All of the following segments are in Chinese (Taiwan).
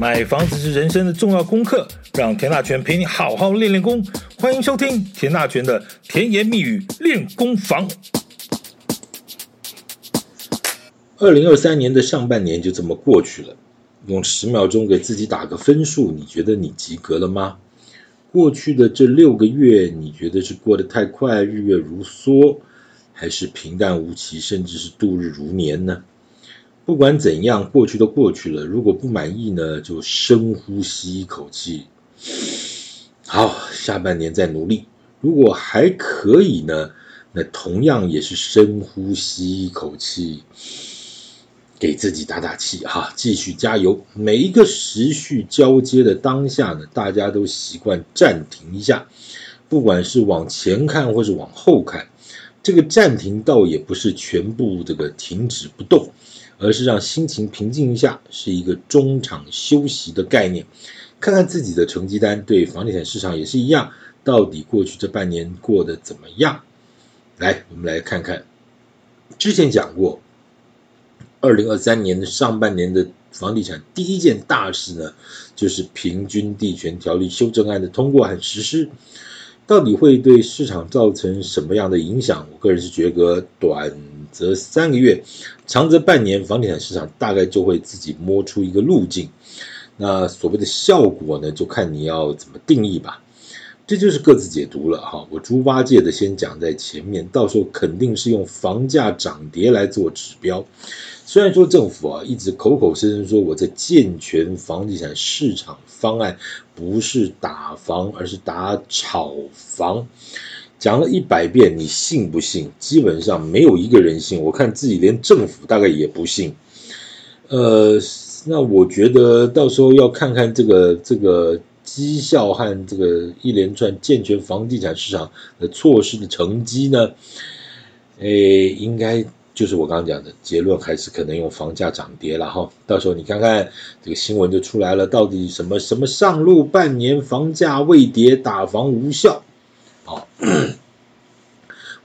買房子是人生的重要功課，讓田大權陪你好好練練功。歡迎收聽田大權的甜言蜜語練功房。二零二三年的上半年就這麼過去了，用十秒鐘給自己打個分數，你覺得你及格了嗎？過去的這六個月，你覺得是過得太快，日月如梭，還是平淡無奇，甚至是度日如年呢？不管怎樣，過去都過去了。如果不滿意呢，就深呼吸一口氣。好，下半年再努力。如果還可以呢，那同樣也是深呼吸一口氣，給自己打打氣哈，繼續加油。每一個時序交接的當下呢，大家都習慣暫停一下，不管是往前看或是往後看，這個暫停倒也不是全部這個停止不動。而是讓心情平靜一下，是一個中場休息的概念。看看自己的成績單，對房地產市場也是一樣，到底過去這半年過得怎麼樣？來，我們來看看。之前講過，二零二三年的上半年的房地產第一件大事呢，就是《平均地權條例修正案》的通過和實施。到底會對市場造成什麼樣的影響？我個人是覺得短。則三個月，長則半年，房地產市場大概就會自己摸出一個路徑。那所謂的效果呢，就看你要怎麼定義吧，這就是各自解讀了哈。我豬八戒的先講在前面，到時候肯定是用房價漲跌來做指標。雖然說政府啊一直口口聲聲說我在健全房地產市場方案，不是打房，而是打炒房。講了一百遍，你信不信？基本上沒有一個人信。我看自己連政府大概也不信。呃，那我覺得到時候要看看這個這個績效和這個一連串健全房地產市場的措施的成績呢。哎，應該就是我剛剛講的結論，還是可能用房價漲跌了哈。到時候你看看這個新聞就出來了，到底什麼什麼上路半年房價未跌，打房無效。好、啊。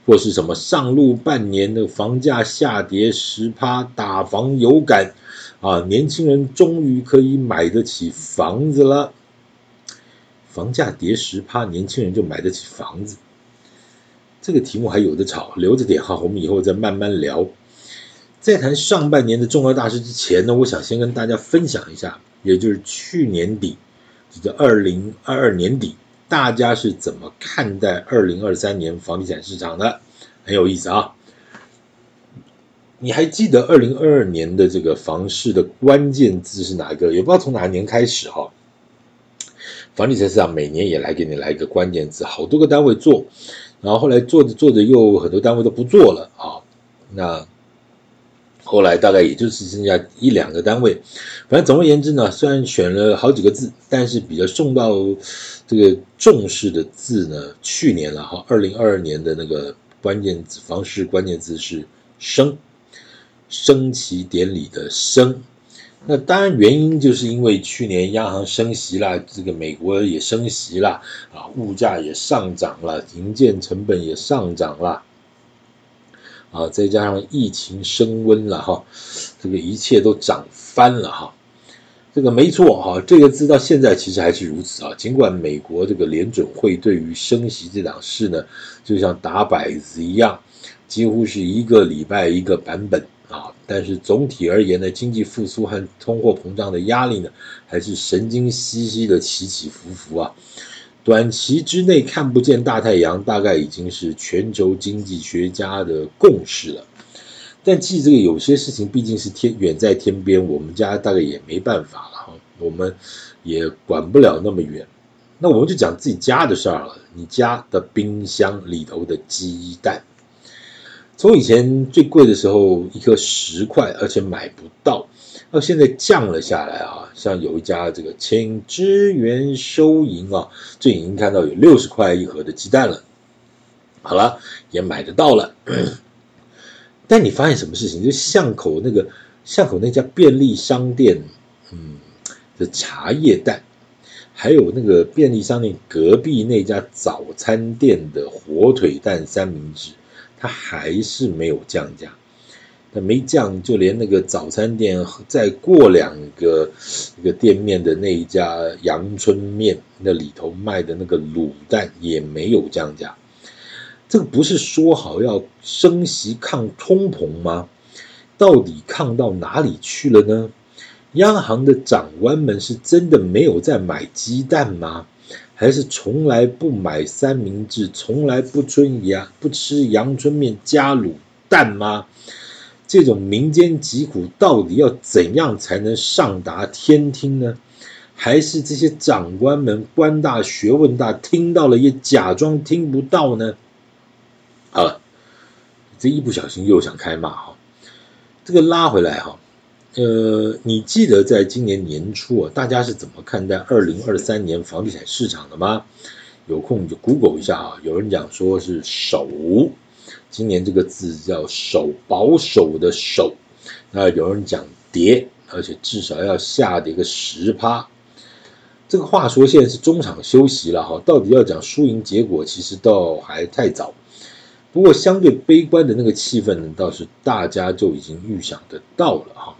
或是什麼上路半年的房價下跌十趴，打房有感啊！年輕人終於可以買得起房子了，房價跌十趴，年輕人就買得起房子，這個題目還有得吵，留着點哈，我們以後再慢慢聊。在談上半年的重要大事之前呢，我想先跟大家分享一下，也就是去年底，就是二零二二年底。大家是怎麼看待二零二三年房地產市場的？很有意思啊！你還記得二零二二年的這個房市的關鍵字是哪個？也不知道從哪年開始哈啊。房地產市場每年也來給你來一個關鍵字，好多個單位做，然後後來做着做着又很多單位都不做了啊。那後來大概也就只剩下一兩個單位，反正總而言之呢，雖然選了好幾個字，但是比較受到這個重視的字呢，去年了哈，二零二二年的那個關鍵字房市，關鍵字是升升旗典禮的升，那當然原因就是因為去年央行升息啦，這個美國也升息了啊，物價也上漲了，營建成本也上漲了。啊，再加上疫情升溫了哈，這個一切都漲翻了哈，這個沒錯哈，這個字到現在其實還是如此啊。儘管美國這個聯準會對於升息這檔事呢，就像打擺子一樣，幾乎是一個禮拜一個版本啊，但是總體而言呢，經濟復蘇和通貨膨脹的壓力呢，還是神經兮兮的起起伏伏啊。短期之內看不見大太陽，大概已經是全球經濟學家的共識了。但記這個有些事情畢竟是天遠在天邊，我們家大概也沒辦法了哈，我們也管不了那麼遠。那我們就講自己家的事兒了。你家的冰箱裡頭的雞蛋，從以前最貴的時候，一顆十塊，而且買不到。到現在降了下來啊，像有一家這個請支援收銀啊，就已經看到有六十塊一盒的雞蛋了。好了，也買得到了。 但你發現什麼事情？就巷口那個巷口那家便利商店，嗯，的茶葉蛋，還有那個便利商店隔壁那家早餐店的火腿蛋三明治，它還是沒有降價。沒降，就連那個早餐店再過兩個一個店面的那一家陽春麵那裡頭賣的那個滷蛋也沒有降價。這個不是說好要升息抗通膨嗎？到底抗到哪裡去了呢？央行的長官們是真的沒有在買雞蛋嗎？還是從來不買三明治，從來不春陽不吃陽春麵加滷蛋嗎？這種民間疾苦到底要怎樣才能上達天聽呢？還是這些長官們官大學問大，聽到了也假裝聽不到呢？啊，這一不小心又想開罵哈、啊，這個拉回來哈、啊，呃，你記得在今年年初啊，大家是怎麼看待二零二三年房地產市場的嗎？有空就 Google 一下啊，有人講說是守。今年這個字叫守，保守的守。那有人講跌，而且至少要下跌個十趴。這個話說，現在是中場休息了哈，到底要講輸贏結果，其實倒還太早。不過，相對悲觀的那個氣氛，倒是大家就已經預想得到了哈。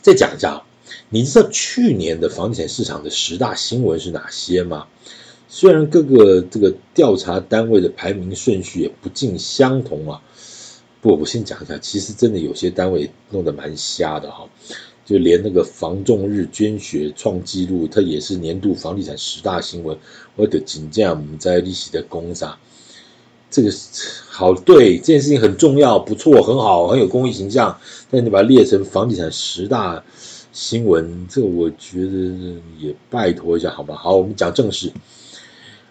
再講一下，你知道去年的房地產市場的十大新聞是哪些嗎？雖然各個這個調查單位的排名順序也不盡相同啊。不，我先講一下，其實真的有些單位弄得蠻瞎的哈。就連那個房仲日捐血創紀錄，它也是年度房地產十大新聞，我者錦江我們在利息的功上，這個好對，這件事情很重要，不錯，很好，很有公益形象。但你把它列成房地產十大新聞，這我覺得也拜託一下，好吧？好，我們講正事。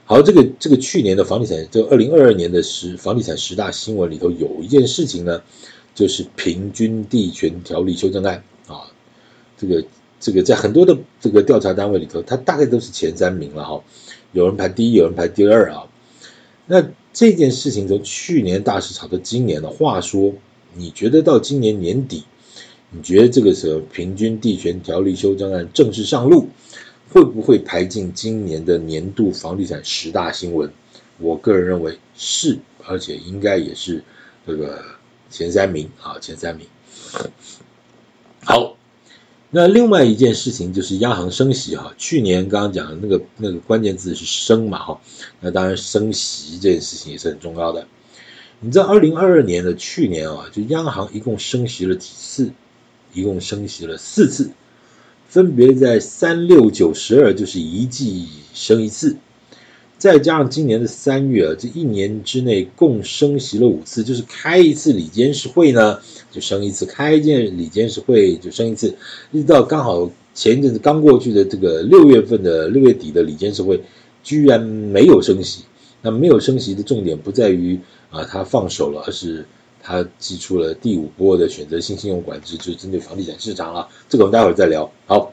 好，這個這個去年的房地產，就二零二二年的十房地產十大新聞裡頭，有一件事情呢，就是平均地權條例修正案啊，這個這個在很多的這個調查單位裡頭，它大概都是前三名了哈，有人排第一，有人排第二啊。那這件事情從去年大勢炒到今年的話說，你覺得到今年年底，你覺得這個時候平均地權條例修正案正式上路，會不會排進今年的年度房地產十大新聞？我個人認為是，而且應該也是這個前三名啊，前三名。好，那另外一件事情就是央行升息哈，去年剛剛講的那個那個關鍵字是升嘛哈，那當然升息這件事情也是很重要的。你知道二零二二年的去年啊，就央行一共升息了幾次？一共升息了四次。分別在三六九十二，就是一季升一次，再加上今年的三月啊，這一年之內共升息了五次，就是開一次理監事會呢就升一次，開一件理監事會就升一次，一直到剛好前一陣子剛過去的這個六月份的六月底的理監事會，居然沒有升息。那沒有升息的重點不在於啊他放手了，而是。他祭出了第五波的選擇性信用管制，就針對房地產市場了。這個我們待會兒再聊。好，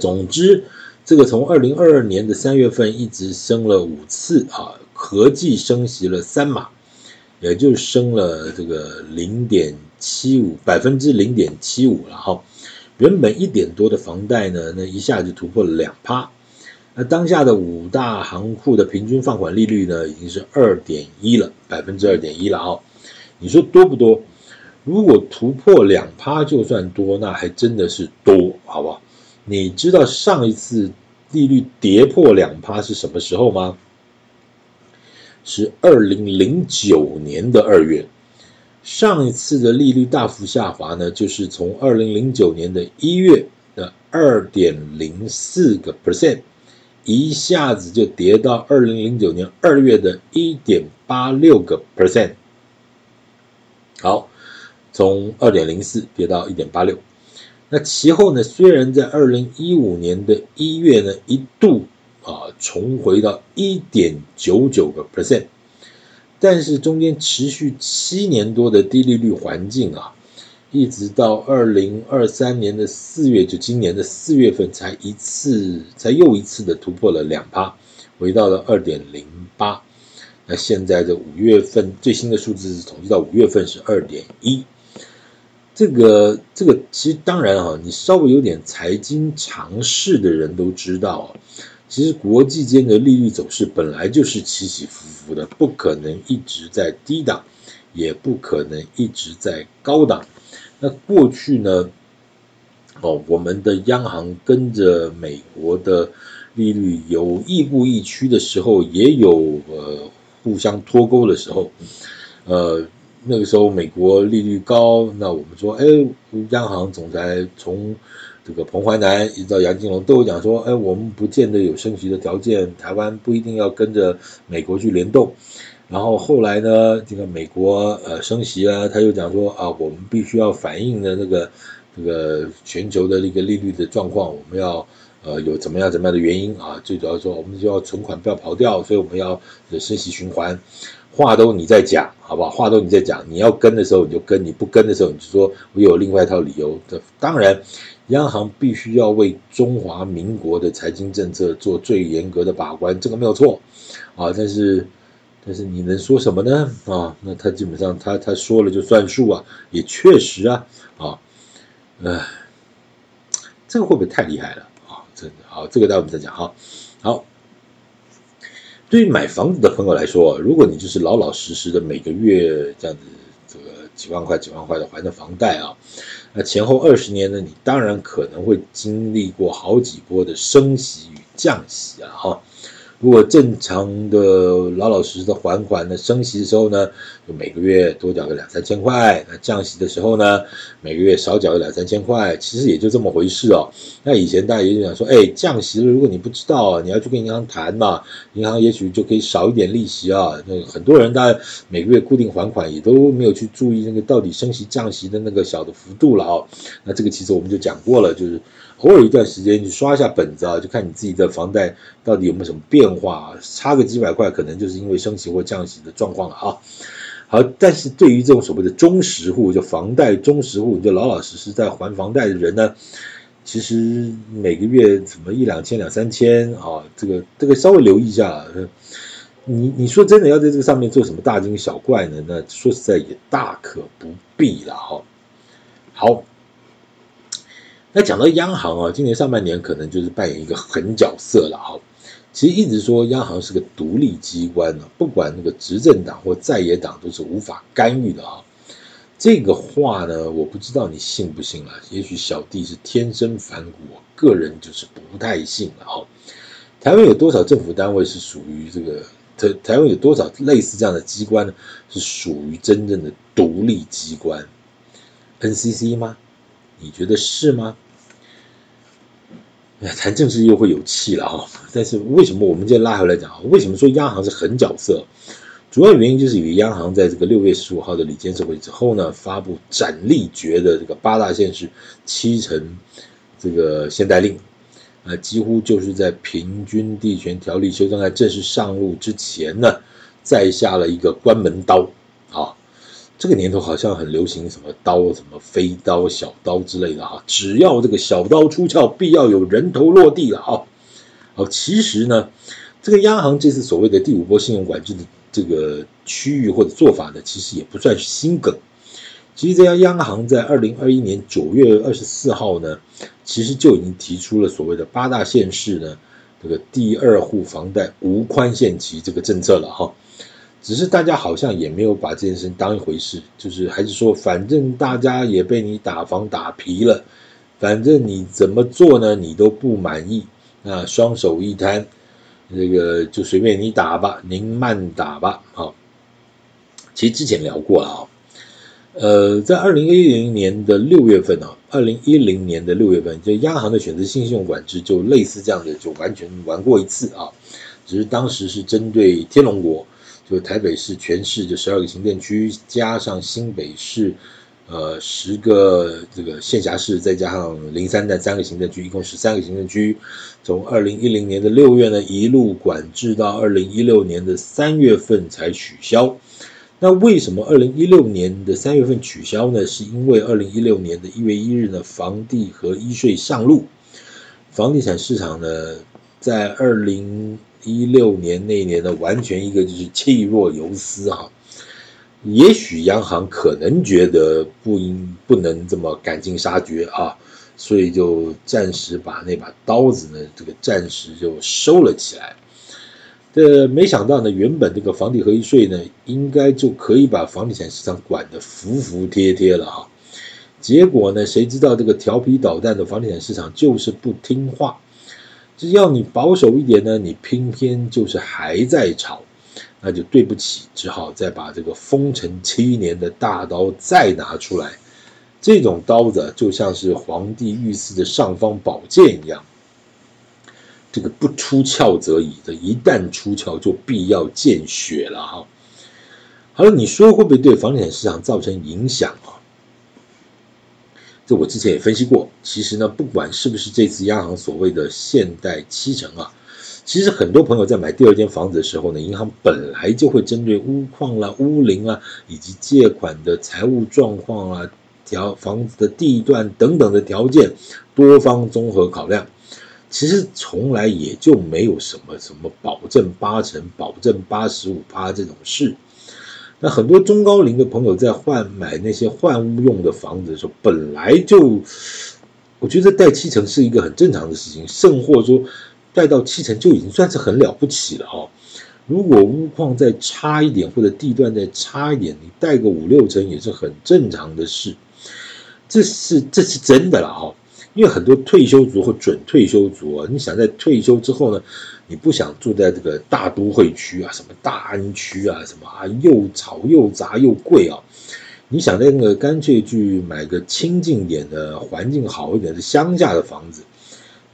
總之這個從二零二二年的三月份一直升了五次啊，合計升息了三碼，也就升了這個零點七五百分之零點七五，然後原本一點多的房貸呢，那一下就突破了兩趴。那當下的五大行庫的平均放款利率呢，已經是二點一了，百分之二點一了啊。你說多不多？如果突破兩趴就算多，那還真的是多，好不好？你知道上一次利率跌破兩趴是什麼時候嗎？是二零零九年的二月。上一次的利率大幅下滑呢，就是從二零零九年的一月的二點零四個 percent，一下子就跌到二零零九年二月的一點八六個 percent。好，從二點零四跌到一點八六，那其後呢？雖然在二零一五年的一月呢，一度啊重回到一點九九個 percent，但是中間持續七年多的低利率環境啊，一直到二零二三年的四月，就今年的四月份，才一次，才又一次的突破了兩趴，回到了二點零八。那現在的五月份最新的數字是統計到五月份是二點一，這個這個其實當然哈、啊，你稍微有點財經常識的人都知道，其實國際間的利率走勢本來就是起起伏伏的，不可能一直在低檔，也不可能一直在高檔。那過去呢，哦，我們的央行跟着美國的利率有亦步亦趨的時候，也有呃。互相脫鈎的時候，呃，那個時候美國利率高，那我們說，哎，央行總裁從這個彭淮南一直到楊金龍都有講說，哎，我們不見得有升息的條件，台灣不一定要跟着美國去聯動。然後後來呢，這個美國呃升息啊，他又講說啊，我們必須要反映的那個這個全球的那個利率的狀況，我們要。呃，有怎麼樣怎麼樣的原因啊？最主要說，我們就要存款不要跑掉，所以我們要有升息循環。話都你在講，好不好？話都你在講，你要跟的時候你就跟，你不跟的時候你就說，我有另外一套理由。這當然，央行必須要為中華民國的財經政策做最嚴格的把關，這個沒有錯啊。但是，但是你能說什麼呢？啊，那他基本上他他說了就算數啊，也確實啊，啊，哎，這個會不會太厲害了？好，這個待會我們再講哈。好，對於買房子的朋友來說，如果你就是老老實實的每個月這樣子，這個幾萬塊、幾萬塊的還的房貸啊，那前後二十年呢，你當然可能會經歷過好幾波的升息與降息啊，哈。如果正常的、老老實實的還款呢，升息的時候呢，就每個月多繳個兩三千塊；那降息的時候呢，每個月少繳個兩三千塊，其實也就這麼回事哦。那以前大家也就講說，哎，降息了，如果你不知道，你要去跟銀行談嘛、啊，銀行也許就可以少一點利息啊。那很多人大家每個月固定還款也都沒有去注意那個到底升息降息的那個小的幅度了哦。那這個其實我們就講過了，就是。偶爾一段時間去刷一下本子啊，就看你自己的房貸到底有沒有什麼變化，啊，差個幾百塊可能就是因為升息或降息的狀況了啊。好，但是對於這種所謂的中實戶，就房貸中實戶，你就老老實實在還房貸的人呢，其實每個月什麼一兩千、兩三千啊，這個這個稍微留意一下，啊，你你說真的要在這個上面做什麼大驚小怪呢？那說實在也大可不必了哈。好。那講到央行啊，今年上半年可能就是扮演一個狠角色了哈、哦。其實一直說央行是個獨立機關呢、啊，不管那個執政黨或在野黨都是無法干預的啊、哦。這個話呢，我不知道你信不信啊，也許小弟是天生反骨，我個人就是不太信了哈、哦。台灣有多少政府單位是屬於這個？台台灣有多少類似這樣的機關呢，是屬於真正的獨立機關？NCC 嗎？你覺得是嗎？哎，談政治又會有氣了哈、哦。但是為什麼我們今天拉回來講啊？為什麼說央行是狠角色？主要原因就是因為央行在這個六月十五號的理監事會之後呢，發布斬立決的這個八大限是七成這個限貸令啊、呃，幾乎就是在平均地權條例修正案正式上路之前呢，再下了一個關門刀啊。這個年頭好像很流行什麼刀，什麼飛刀、小刀之類的啊！只要這個小刀出鞘，必要有人頭落地了啊！好，其實呢，這個央行這次所謂的第五波信用管制的這個區域或者做法呢，其實也不算是新梗。其實這家央行在二零二一年九月二十四號呢，其實就已經提出了所謂的八大縣市呢，這個第二戶房貸無寬限期這個政策了哈、啊。只是大家好像也沒有把這件事當一回事，就是還是說，反正大家也被你打房打疲了，反正你怎麼做呢，你都不滿意，那雙手一攤，這個就隨便你打吧，您慢打吧，好。其實之前聊過了啊，呃，在二零一零年的六月份啊，二零一零年的六月份，就央行的選擇性信用管制就類似這樣的，就完全玩過一次啊，只是當時是針對天龍國。就台北市全市就十二個行政區，加上新北市，呃、十個這個縣轄市，再加上零三的三個行政區，一共十三個行政區。從二零一零年的六月呢，一路管制到二零一六年的三月份才取消。那為什麼二零一六年的三月份取消呢？是因為二零一六年的一月一日呢，房地合一稅上路，房地產市場呢，在二零。一六年那一年呢，完全一個就是氣若游絲啊，也許央行可能覺得不應不能這麼趕盡殺絕啊，所以就暫時把那把刀子呢，這個暫時就收了起來。這沒想到呢，原本這個房地合一稅呢，應該就可以把房地產市場管得服服帖帖了哈、啊。結果呢，誰知道這個調皮搗蛋的房地產市場就是不聽話。只要你保守一點呢，你偏偏就是還在炒，那就對不起，只好再把這個封塵七年的大刀再拿出來。這種刀子就像是皇帝御賜的尚方寶劍一樣，這個不出鞘則已的，一旦出鞘就必要見血了哈。好了，你說會不會對房地產市場造成影響？這我之前也分析過，其實呢，不管是不是這次央行所謂的限貸七成啊，其實很多朋友在買第二間房子的時候呢，銀行本來就會針對屋況啦、屋齡啊，以及借款的財務狀況啊、條房子的地段等等的條件，多方綜合考量，其實從來也就沒有什麼什麼保證八成、保證八十五趴這種事。那很多中高齡的朋友在換買那些換屋用的房子的時候，本來就，我覺得貸七成是一個很正常的事情，甚或說貸到七成就已經算是很了不起了哈。如果屋況再差一點或者地段再差一點，你貸個五六成也是很正常的事，這是這是真的了哈。因為很多退休族和準退休族啊，你想在退休之後呢，你不想住在這個大都會區啊，什麼大安區啊，什麼啊又吵又雜又貴啊，你想在那個乾脆去買個清淨點的、環境好一點的鄉下的房子，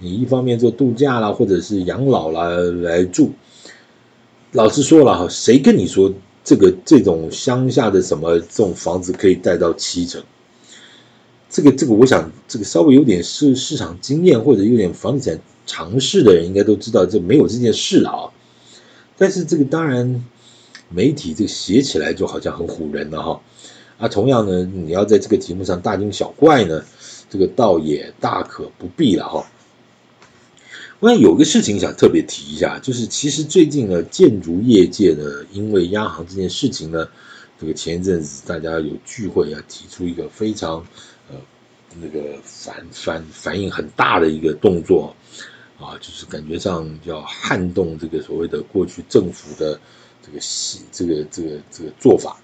你一方面做度假啦，或者是養老啦來住。老實說了，誰跟你說這個這種鄉下的什麼這種房子可以貸到七成？這個這個，這個、我想這個稍微有點市市場經驗或者有點房地產常識的人，應該都知道這沒有這件事了啊、哦。但是這個當然，媒體這個寫起來就好像很唬人了哈、哦。啊，同樣呢，你要在這個題目上大驚小怪呢，這個倒也大可不必了哈、哦。我想有個事情想特別提一下，就是其實最近呢，建築業界呢，因為央行這件事情呢，這個前一陣子大家有聚會啊，提出一個非常那個反反反應很大的一個動作啊，就是感覺上要撼動這個所謂的過去政府的這個信這，這個這個這個做法，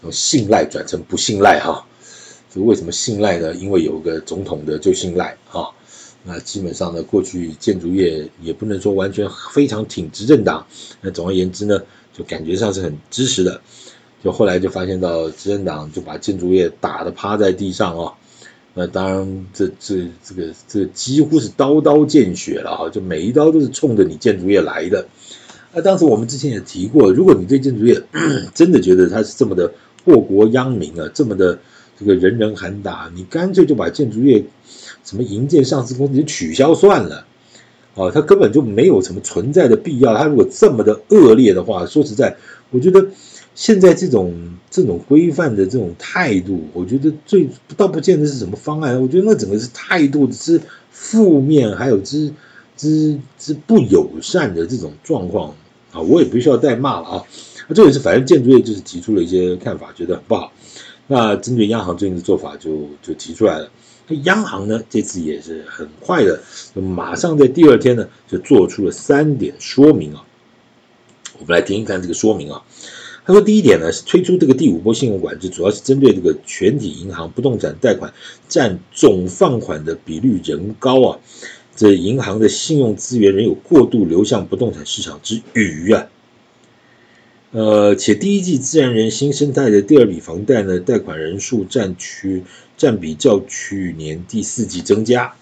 然後信賴轉成不信賴哈。這為什麼信賴呢？因為有個總統的就信賴啊。那基本上呢，過去建築業也不能說完全非常挺執政黨。那總而言之呢，就感覺上是很支持的。就後來就發現到執政黨就把建築業打得趴在地上啊。那當然這，這這這個這幾乎是刀刀見血了哈，就每一刀都是衝着你建築業來的。那、啊、當時我們之前也提過，如果你對建築業、嗯、真的覺得它是這麼的禍國殃民啊，這麼的這個人人喊打，你乾脆就把建築業什麼營建上市公司就取消算了啊，它根本就沒有什麼存在的必要。它如果這麼的惡劣的話，說實在，我覺得。現在這種這種規範的這種態度，我覺得最倒不見得是什麼方案。我覺得那整個是態度之負面，還有之之之不友善的這種狀況啊！我也不需要再罵了啊！這也是反正建築業就是提出了一些看法，覺得很不好。那針對央行最近的做法就，就就提出來了。那央行呢，這次也是很快的，就馬上在第二天呢，就做出了三點說明啊！我們來聽一看這個說明啊！他說：“第一點呢，是推出這個第五波信用管制，主要是針對這個全體銀行不動產貸款占總放款的比率仍高啊，這銀行的信用資源仍有過度流向不動產市場之餘啊，呃，且第一季自然人新生態的第二筆房貸呢，貸款人數占區占比較去年第四季增加。”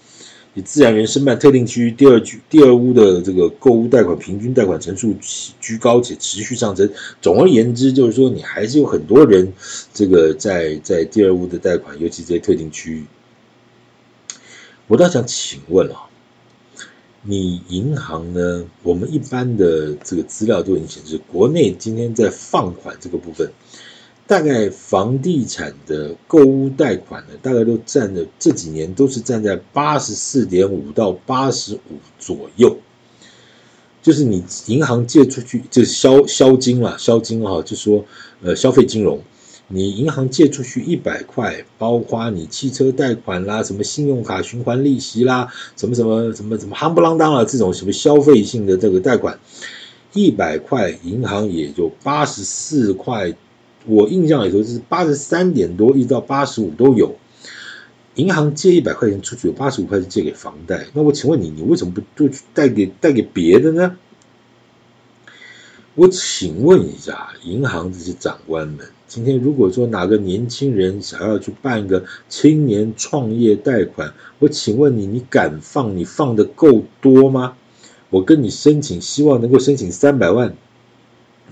你自然人申辦特定區域第二居第二屋的這個購物貸款平均貸款成數居高且持續上升，總而言之，就是說，你還是有很多人這個在在第二屋的貸款，尤其在特定區域。我倒想請問啊，你銀行呢？我們一般的這個資料都已經顯示，國內今天在放款這個部分，大概房地產的購物貸款呢，大概都占的這幾年都是占在八十四點五到八十五左右。就是你銀行借出去就是消消金啊，消金啊，就說呃消費金融，你銀行借出去一百塊，包括你汽車貸款啦、啊，什麼信用卡循環利息啦、啊，什麼什麼什麼什麼夯不啷當啦、啊、這種什麼消費性的這個貸款，一百塊銀行也就八十四塊。我印象裡頭是八十三點多一直到八十五都有，銀行借一百塊錢出去，有八十五塊是借給房貸。那我請問你，你為什麼不去貸給貸給別的呢？我請問一下，銀行這些長官們，今天如果說哪個年輕人想要去辦一個青年創業貸款，我請問你，你敢放？你放得夠多嗎？我跟你申請，希望能夠申請三百萬，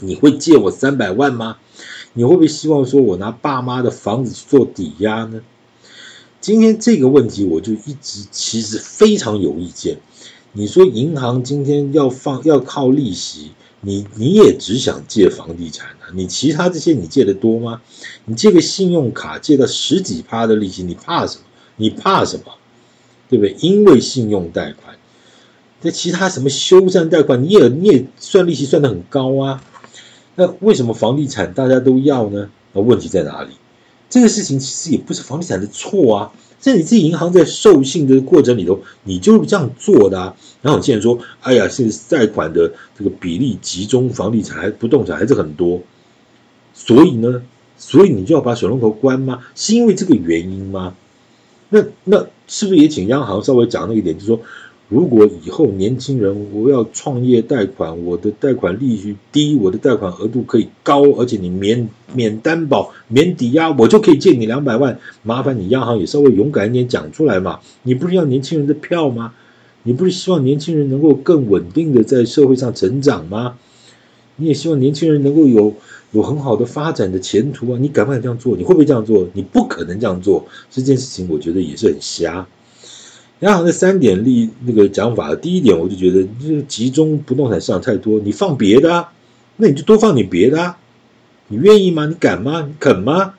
你會借我三百萬嗎？你會不會希望說，我拿爸媽的房子去做抵押呢？今天這個問題，我就一直其實非常有意見。你說銀行今天要放要靠利息，你你也只想借房地產啊？你其他這些你借的多嗎？你借個信用卡借到十幾趴的利息，你怕什麼？你怕什麼？對不對？因為信用貸款，那其他什麼修繕貸款，你也你也算利息算得很高啊。那為什麼房地產大家都要呢？那問題在哪裡？這個事情其實也不是房地產的錯啊，在你自己銀行在授信的過程裡頭，你就是這樣做的啊。然後你現在說，哎呀，現在貸款的這個比例集中房地產、不動產還是很多，所以呢，所以你就要把水龍頭關嗎？是因為這個原因嗎？那那是不是也請央行稍微講那一點，就是說？如果以後年輕人我要創業貸款，我的貸款利率低，我的貸款額度可以高，而且你免免擔保、免抵押，我就可以借你兩百萬。麻煩你央行也稍微勇敢一點講出來嘛！你不是要年輕人的票嗎？你不是希望年輕人能夠更穩定的在社會上成長嗎？你也希望年輕人能夠有有很好的發展的前途啊！你敢不敢這樣做？你會不會這樣做？你不可能這樣做，這件事情我覺得也是很瞎。央行的三點利那個講法，第一點我就覺得，這集中不動產市場太多，你放別的啊，那你就多放點別的啊，你願意嗎？你敢嗎？你肯嗎？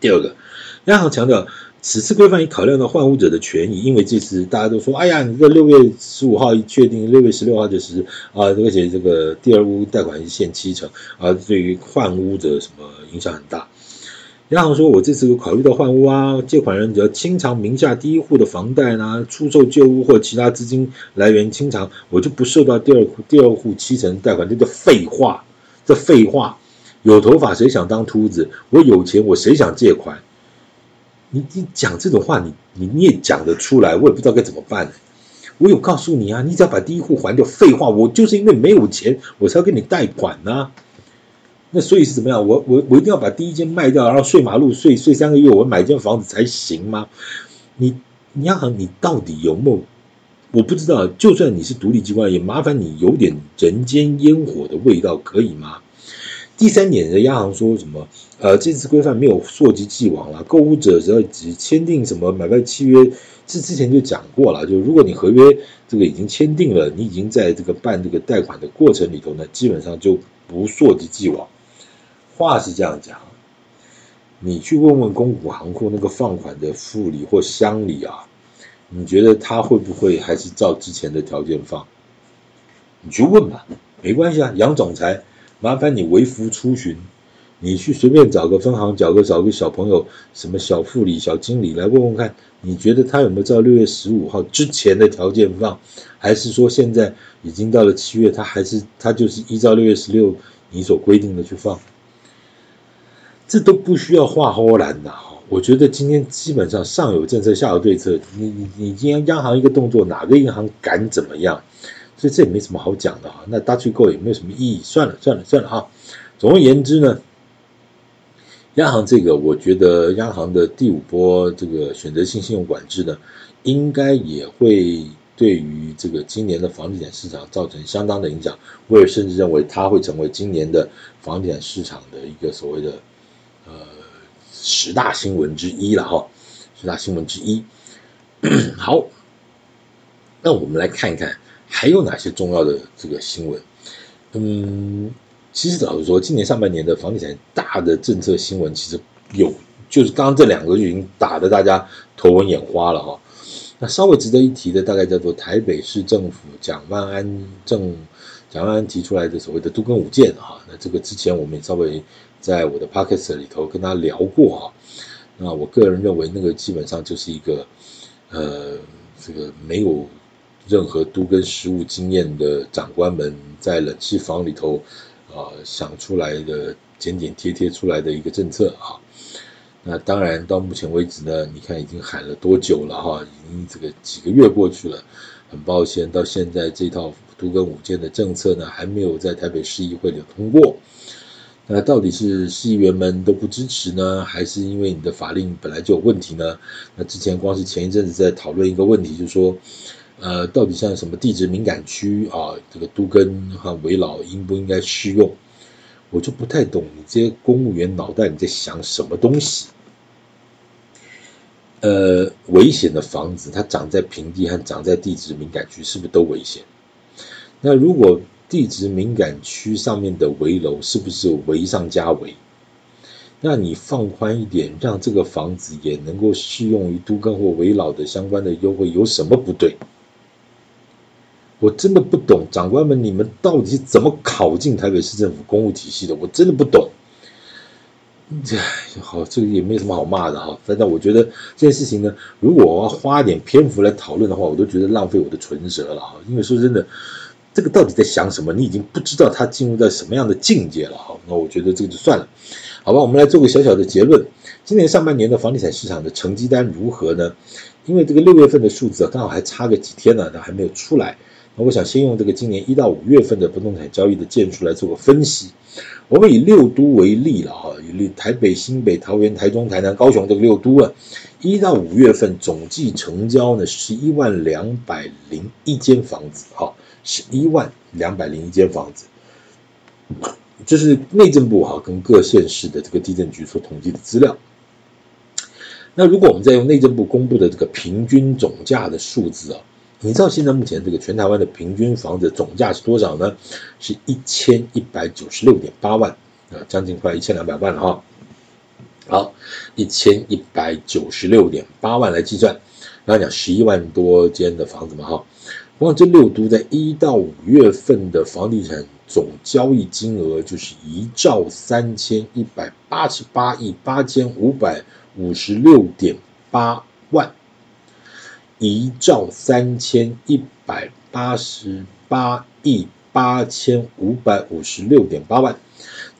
第二個，央行強調，此次規範也考量到換屋者的權益，因為這次大家都說，哎呀，你這六月十五號一確定，六月十六號就是啊，而且這個第二屋貸款限七成啊，對於換屋者什麼影響很大。央行說：“我這次有考慮到換屋啊，借款人只要清償名下第一戶的房貸呢，出售舊屋或其他資金來源清償，我就不受到第二戶第二戶七成貸款。”這叫廢話，這廢話，有頭髮誰想當禿子？我有錢，我誰想借款？你你講這種話你，你你你也講得出來，我也不知道該怎麼辦。我有告訴你啊，你只要把第一戶還掉，廢話我，我就是因為沒有錢，我才要給你貸款呢、啊。那所以是怎麼樣？我我我一定要把第一間賣掉，然後睡馬路睡睡三個月，我買一間房子才行嗎？你央行，你，你到底有沒有？我不知道。就算你是獨立機關，也麻煩你有點人間煙火的味道，可以嗎？第三點，央行說什麼？呃，這次規範沒有溯及既往啦。購屋者只要只簽訂什麼買賣契約，這之前就講過啦。就如果你合約這個已經簽訂了，你已經在這個辦這個貸款的過程裡頭呢，基本上就不溯及既往。話是這樣講，你去問問公股行庫那個放款的副理或襄理啊，你覺得他會不會還是照之前的條件放？你去問吧，沒關係啊，楊總裁，麻煩你微服出巡，你去隨便找個分行，找個找個小朋友，什麼小副理、小經理來問問看，你覺得他有沒有照六月十五號之前的條件放，還是說現在已經到了七月，他還是他就是依照六月十六你所規定的去放？這都不需要畫虎爛的哈，我覺得今天基本上上有政策，下有對策。你你你今天央行一個動作，哪個銀行敢怎麼樣？所以這也沒什麼好講的哈、啊。那大去購也沒有什麼意義，算了算了算了啊。總而言之呢，央行這個，我覺得央行的第五波這個選擇性信用管制呢，應該也會對於這個今年的房地產市場造成相當的影響。我也甚至認為它會成為今年的房地產市場的一個所謂的。呃，十大新聞之一了哈，十大新聞之一。 好，那我們來看一看還有哪些重要的這個新聞。嗯，其實老實說，今年上半年的房地產大的政策新聞，其實有就是剛剛這兩個就已經打得大家頭昏眼花了哈。那稍微值得一提的，大概叫做台北市政府蔣萬安政蔣萬安提出來的所謂的“都更五箭”哈，那這個之前我們也稍微。在我的 podcast 裡頭跟他聊過啊，那我個人認為那個基本上就是一個呃，這個沒有任何都更實務經驗的長官們在冷氣房裡頭啊想出來的剪剪貼貼出來的一個政策啊，那當然到目前為止呢，你看已經喊了多久了哈，已經這個幾個月過去了，很抱歉到現在這套都更五件的政策呢還沒有在台北市議會裡通過。那到底是市議員們都不支持呢，還是因為你的法令本來就有問題呢？那之前光是前一陣子在討論一個問題，就是說，呃，到底像什麼地質敏感區啊，這個都更和危老應不應該適用，我就不太懂你這些公務員腦袋你在想什麼東西？呃，危險的房子，它長在平地和長在地質敏感區是不是都危險？那如果？地質敏感區上面的危樓是不是危上加危？那你放寬一點，讓這個房子也能夠適用於都更或危老的相關的優惠，有什麼不對？我真的不懂，長官們，你們到底是怎麼考進台北市政府公務體系的？我真的不懂。這好，這個也沒什麼好罵的哈。反正我覺得這件事情呢，如果我要花一點篇幅來討論的話，我都覺得浪費我的唇舌了哈。因為說真的。這個到底在想什麼？你已經不知道它進入在什麼樣的境界了哈。那我覺得這個就算了，好吧。我們來做個小小的結論。今年上半年的房地產市場的成績單如何呢？因為這個六月份的數字剛好還差個幾天呢，那還沒有出來。那我想先用這個今年一到五月份的不動產交易的件數來做個分析。我們以六都為例了哈，以台北、新北、桃園、台中、台南、高雄這個六都啊，一到五月份總計成交呢十一萬兩百零一間房子哈。十一萬兩百零一間房子，這是內政部哈、啊、跟各縣市的這個地政局所統計的資料。那如果我們再用內政部公布的這個平均總價的數字啊，你知道現在目前這個全台灣的平均房子總價是多少呢？是一千一百九十六點八萬啊，將近快一千兩百萬了哈。好，一千一百九十六點八萬來計算，那講十一萬多間的房子嘛哈。光這六都在一到五月份的房地產總交易金額就是一兆三千一百八十八億八千五百五十六點八萬，一兆三千一百八十八億八千五百五十六點八萬，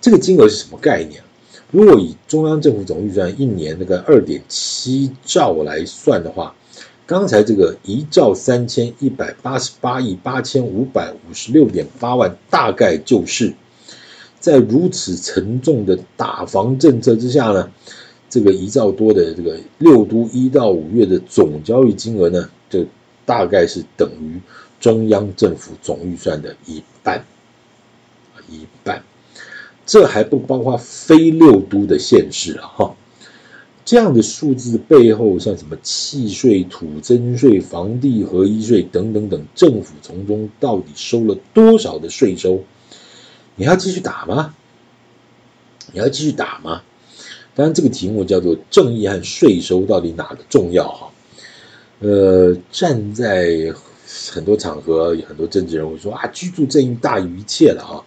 這個金額是什麼概念啊？如果以中央政府總預算一年那個二點七兆來算的話。剛才這個一兆三千一百八十八億八千五百五十六點八萬，大概就是在如此沉重的打房政策之下呢，這個一兆多的這個六都一到五月的總交易金額呢，就大概是等於中央政府總預算的一半，一半，這還不包括非六都的縣市啊。這樣的數字背後，像什麼契稅、土增稅、房地合一稅等等等，政府從中到底收了多少的稅收？你還要繼續打嗎？你要繼續打嗎？當然，這個題目叫做正義和稅收到底哪個重要？啊？哈，呃，站在很多場合，有很多政治人物說啊，居住正義大於一切了，啊，哈。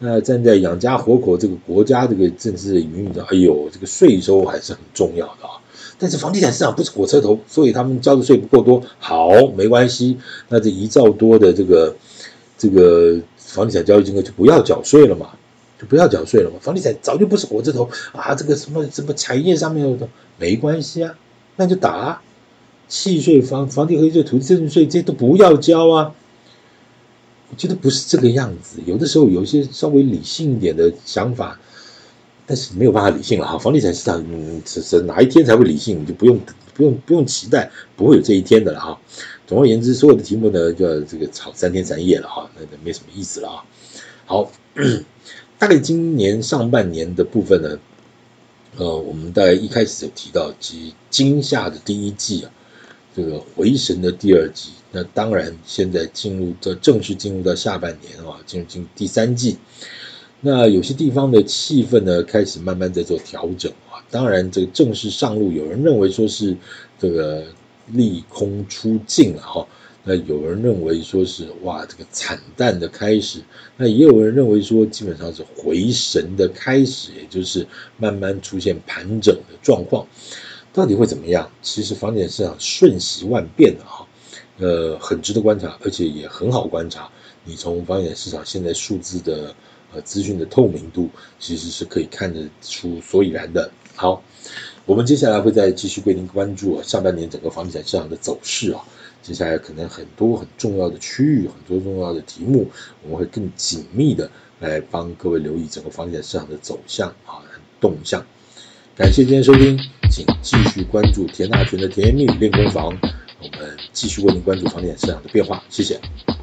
那、呃、站在養家活口這個國家這個政治的輿論上，哎喲這個稅收還是很重要的啊。但是房地產市場不是火車頭，所以他們交的稅不夠多，好，沒關係。那這一兆多的這個這個房地產交易金額就不要繳稅了嘛，就不要繳稅了嘛。房地產早就不是火車頭啊，這個什麼什麼產業上面的沒關係啊，那就打契稅、房、房地合一稅、土地增值稅這些都不要交啊。覺得不是這個樣子，有的時候有一些稍微理性一點的想法，但是沒有辦法理性了哈、啊。房地產市場只是、嗯、哪一天才會理性，你就不用不用不用期待不會有這一天的了哈、啊。總而言之，所有的題目呢，就要這個炒三天三夜了哈、啊，那就沒什麼意思了啊。好、嗯，大概今年上半年的部分呢，呃，我們在一開始有提到，即驚嚇的第一季啊，這個回神的第二季。那當然，現在進入正式進入到下半年啊，進入進入第三季。那有些地方的氣氛呢，開始慢慢在做調整啊。當然，這個正式上路，有人認為說是這個利空出盡了哈。那有人認為說是哇，這個慘淡的開始。那也有人認為說，基本上是回神的開始，也就是慢慢出現盤整的狀況。到底會怎麼樣？其實房地產市場瞬息萬變的哈。呃，很值得觀察，而且也很好觀察。你從房地産市場現在數字的呃資訊的透明度，其實是可以看得出所以然的。好，我們接下來會再繼續為您關注啊，上半年整個房地産市場的走勢啊。接下來可能很多很重要的區域，很多重要的題目，我們會更緊密的來幫各位留意整個房地産市場的走向啊，動向。感謝今天的收聽，請繼續關注田大權的甜言蜜語練功房。我們繼續為您關注房地產市場的變化，謝謝。